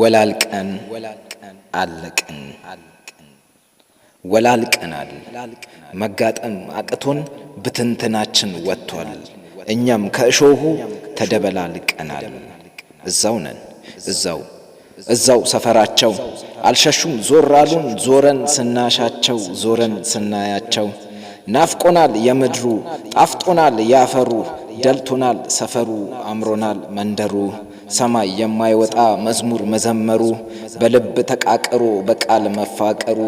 ወላልቀን አለቅን ወላልቀናል። መጋጠም አቅቶን ብትንትናችን ወጥቷል። እኛም ከእሾሁ ተደበላልቀናል። እዛው ነን እዛው እዛው ሰፈራቸው አልሸሹም ዞር አሉን ዞረን ስናሻቸው ዞረን ስናያቸው ናፍቆናል የምድሩ ጣፍጦናል ያፈሩ ደልቶናል ሰፈሩ አምሮናል መንደሩ ሰማይ የማይወጣ መዝሙር መዘመሩ፣ በልብ ተቃቅሮ በቃል መፋቀሩ፣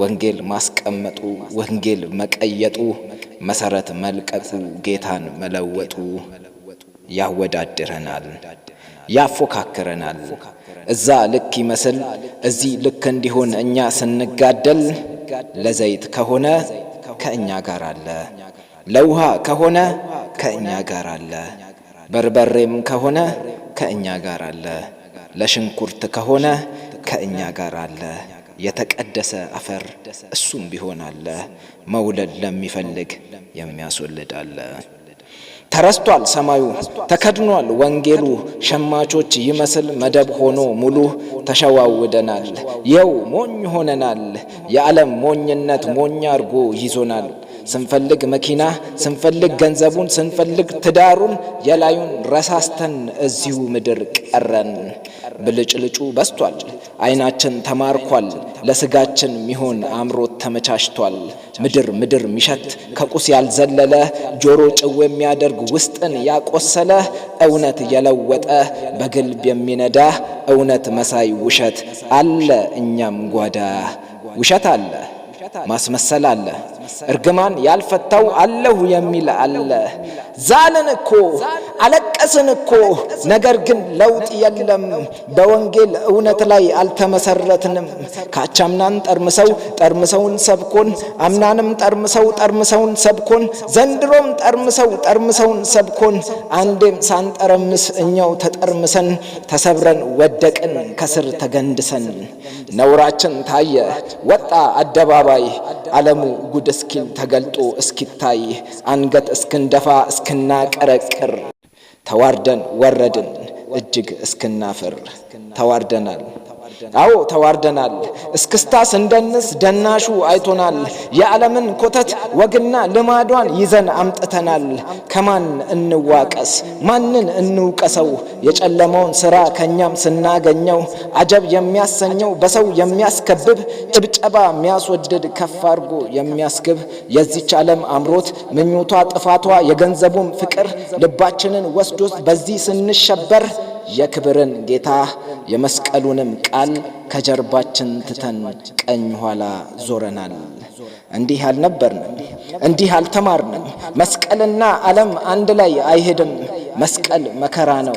ወንጌል ማስቀመጡ፣ ወንጌል መቀየጡ፣ መሰረት መልቀቁ፣ ጌታን መለወጡ ያወዳድረናል፣ ያፎካክረናል። እዛ ልክ ይመስል እዚህ ልክ እንዲሆን እኛ ስንጋደል፣ ለዘይት ከሆነ ከእኛ ጋር አለ፣ ለውሃ ከሆነ ከእኛ ጋር አለ፣ በርበሬም ከሆነ ከእኛ ጋር አለ። ለሽንኩርት ከሆነ ከእኛ ጋር አለ። የተቀደሰ አፈር እሱም ቢሆን አለ። መውለድ ለሚፈልግ የሚያስወልድ አለ። ተረስቷል ሰማዩ ተከድኗል ወንጌሉ ሸማቾች ይመስል መደብ ሆኖ ሙሉ ተሸዋውደናል። የው ሞኝ ሆነናል። የዓለም ሞኝነት ሞኝ አድርጎ ይዞናል። ስንፈልግ መኪና፣ ስንፈልግ ገንዘቡን፣ ስንፈልግ ትዳሩን የላዩን ረሳስተን እዚሁ ምድር ቀረን። ብልጭልጩ በስቷል። አይናችን ተማርኳል። ለስጋችን ሚሆን አእምሮት ተመቻችቷል። ምድር ምድር ሚሸት ከቁስ ያልዘለለ ጆሮ ጭው የሚያደርግ ውስጥን ያቆሰለ እውነት የለወጠ በግልብ የሚነዳ እውነት መሳይ ውሸት አለ እኛም ጓዳ ውሸት አለ ማስመሰል አለ። እርግማን ያልፈታው አለሁ የሚል አለ። ዛልን እኮ አለቀስን እኮ ነገር ግን ለውጥ የለም። በወንጌል እውነት ላይ አልተመሰረትንም። ካቻምናን ጠርምሰው ጠርምሰውን ሰብኮን፣ አምናንም ጠርምሰው ጠርምሰውን ሰብኮን፣ ዘንድሮም ጠርምሰው ጠርምሰውን ሰብኮን፣ አንዴም ሳንጠረምስ እኛው ተጠርምሰን ተሰብረን ወደቅን ከስር ተገንድሰን። ነውራችን ታየ ወጣ አደባባይ አለሙ ጉድ እስኪን ተገልጦ እስኪታይ አንገት እስክንደፋ እስክናቀረቅር ተዋርደን ወረድን እጅግ እስክናፍር ተዋርደናል። አዎ ተዋርደናል። እስክስታ ስንደንስ ደናሹ አይቶናል። የዓለምን ኮተት ወግና ልማዷን ይዘን አምጥተናል። ከማን እንዋቀስ? ማንን እንውቀሰው? የጨለመውን ስራ ከእኛም ስናገኘው አጀብ የሚያሰኘው በሰው የሚያስከብብ ጭብጨባ የሚያስወድድ ከፍ አድርጎ የሚያስግብ የዚች ዓለም አምሮት ምኞቷ ጥፋቷ የገንዘቡም ፍቅር ልባችንን ወስዶት በዚህ ስንሸበር የክብርን ጌታ የመስ የመስቀሉንም ቃል ከጀርባችን ትተን ቀኝ ኋላ ዞረናል። እንዲህ አልነበርንም፣ እንዲህ አልተማርንም። መስቀልና ዓለም አንድ ላይ አይሄድም። መስቀል መከራ ነው።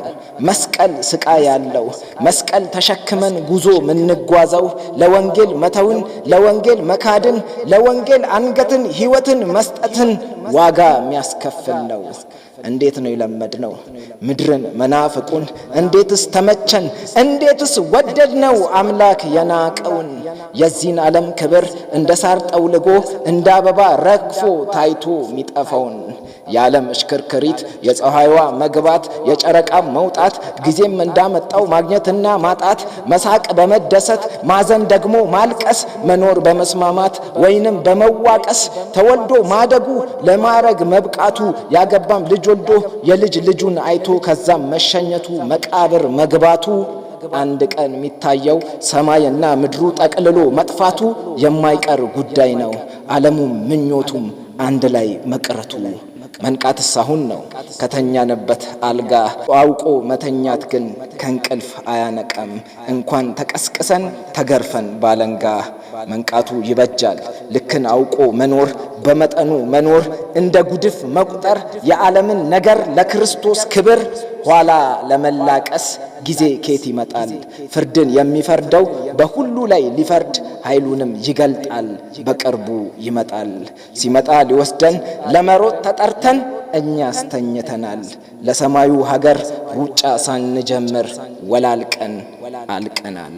መስቀል ስቃ ያለው መስቀል ተሸክመን ጉዞ የምንጓዘው ለወንጌል መተውን፣ ለወንጌል መካድን፣ ለወንጌል አንገትን፣ ሕይወትን መስጠትን ዋጋ የሚያስከፍል ነው። እንዴት ነው የለመድ ነው? ምድርን መናፍቁን እንዴትስ ተመቸን? እንዴትስ ወደድ ነው? አምላክ የናቀውን የዚህን ዓለም ክብር እንደ ሳር ጠውልጎ እንደ አበባ ረግፎ ታይቶ ሚጠፋውን የዓለም እሽክርክሪት፣ የፀሐይዋ መግባት፣ የጨረቃ መውጣት፣ ጊዜም እንዳመጣው ማግኘትና ማጣት፣ መሳቅ በመደሰት ማዘን ደግሞ ማልቀስ፣ መኖር በመስማማት ወይንም በመዋቀስ፣ ተወልዶ ማደጉ፣ ለማረግ መብቃቱ፣ ያገባም ልጅ ወልዶ የልጅ ልጁን አይቶ ከዛም መሸኘቱ፣ መቃብር መግባቱ አንድ ቀን የሚታየው ሰማይና ምድሩ ጠቅልሎ መጥፋቱ የማይቀር ጉዳይ ነው። ዓለሙም ምኞቱም አንድ ላይ መቅረቱ መንቃትስ አሁን ነው። ከተኛንበት አልጋ አውቆ መተኛት ግን ከእንቅልፍ አያነቀም። እንኳን ተቀስቅሰን ተገርፈን ባለንጋ መንቃቱ ይበጃል። ልክን አውቆ መኖር፣ በመጠኑ መኖር፣ እንደ ጉድፍ መቁጠር የዓለምን ነገር ለክርስቶስ ክብር ኋላ ለመላቀስ ጊዜ ኬት ይመጣል። ፍርድን የሚፈርደው በሁሉ ላይ ሊፈርድ ኃይሉንም ይገልጣል። በቅርቡ ይመጣል። ሲመጣ ሊወስደን ለመሮጥ ተጠርተን እኛ አስተኝተናል። ለሰማዩ ሀገር ሩጫ ሳንጀምር ወላልቀን አልቀናል።